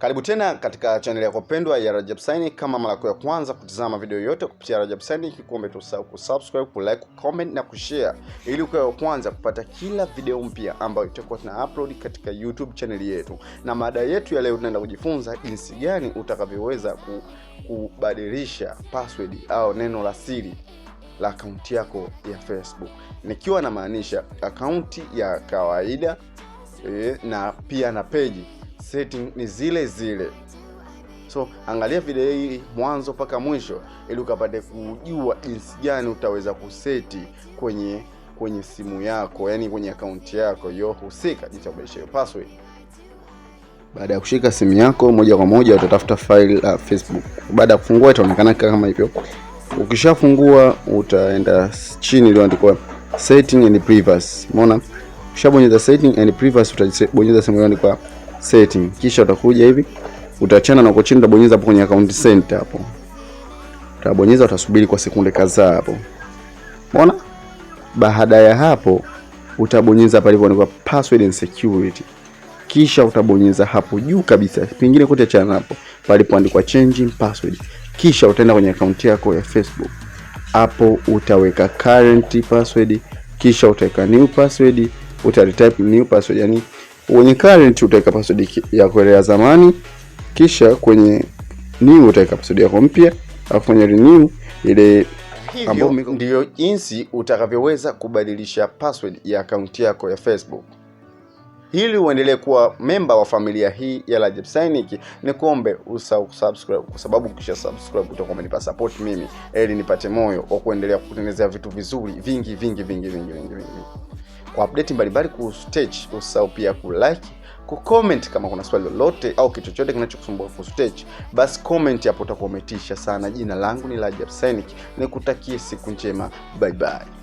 Karibu tena katika chaneli yako pendwa ya Rajab Synic. Kama mara yako ya kwanza kutizama video yote kupitia Rajab Synic, kikombe usahau kusubscribe, kulike, kucomment na kushare ili ukawe wa kwanza kupata kila video mpya ambayo itakuwa tuna upload katika YouTube chaneli yetu. Na mada yetu ya leo tunaenda kujifunza jinsi gani utakavyoweza kubadilisha password au neno la siri la akaunti yako ya Facebook, nikiwa namaanisha akaunti ya kawaida e, na pia na peji setting ni zile zile. So angalia video hii mwanzo mpaka mwisho, ili ukapate kujua jinsi gani utaweza kuseti kwenye kwenye simu yako, yani kwenye akaunti yako hiyo husika, jinsi ya kubadilisha hiyo password. Baada ya kushika simu yako, moja kwa moja utatafuta file uh, Facebook. Baada ya kufungua itaonekana kama hivyo. Ukishafungua utaenda chini iliyoandikwa setting and privacy, umeona? Ukishabonyeza setting and privacy utabonyeza sehemu iliyoandikwa setting, kisha utakuja hivi utachana na chini, utabonyeza hapo kwenye account center hapo, utabonyeza, utasubiri kwa sekunde kadhaa hapo, umeona. Baada ya hapo, utabonyeza pale kwa password and security, kisha utabonyeza hapo juu kabisa, pengine kote cha hapo palipoandikwa changing password, kisha utaenda kwenye akaunti yako ya Facebook hapo utaweka current password, kisha utaweka new password, utaretype new password yani Kwenye current utaweka password yako ile ya zamani, kisha kwenye new utaweka password yako mpya, alafu kwenye renew ile ambayo ndiyo jinsi utakavyoweza kubadilisha password ya akaunti yako ya Facebook. Ili uendelee kuwa memba wa familia hii ya Rajab Synic, ni kuombe usahau kusubscribe, kwa sababu ukisha subscribe utakuwa umenipa support mimi, ili nipate moyo wa kuendelea kukutengenezea vitu vizuri vingi vingi vingi vingi vingi vingi vingi. Kwa update mbalimbali kuhusu Tech, usisahau pia kulike, comment kama kuna swali lolote au kitu chochote kinachokusumbua kuhusu Tech, basi comment hapo utakuwa umetisha sana. Jina langu ni Rajab Synic, nikutakie siku njema. Bye bye.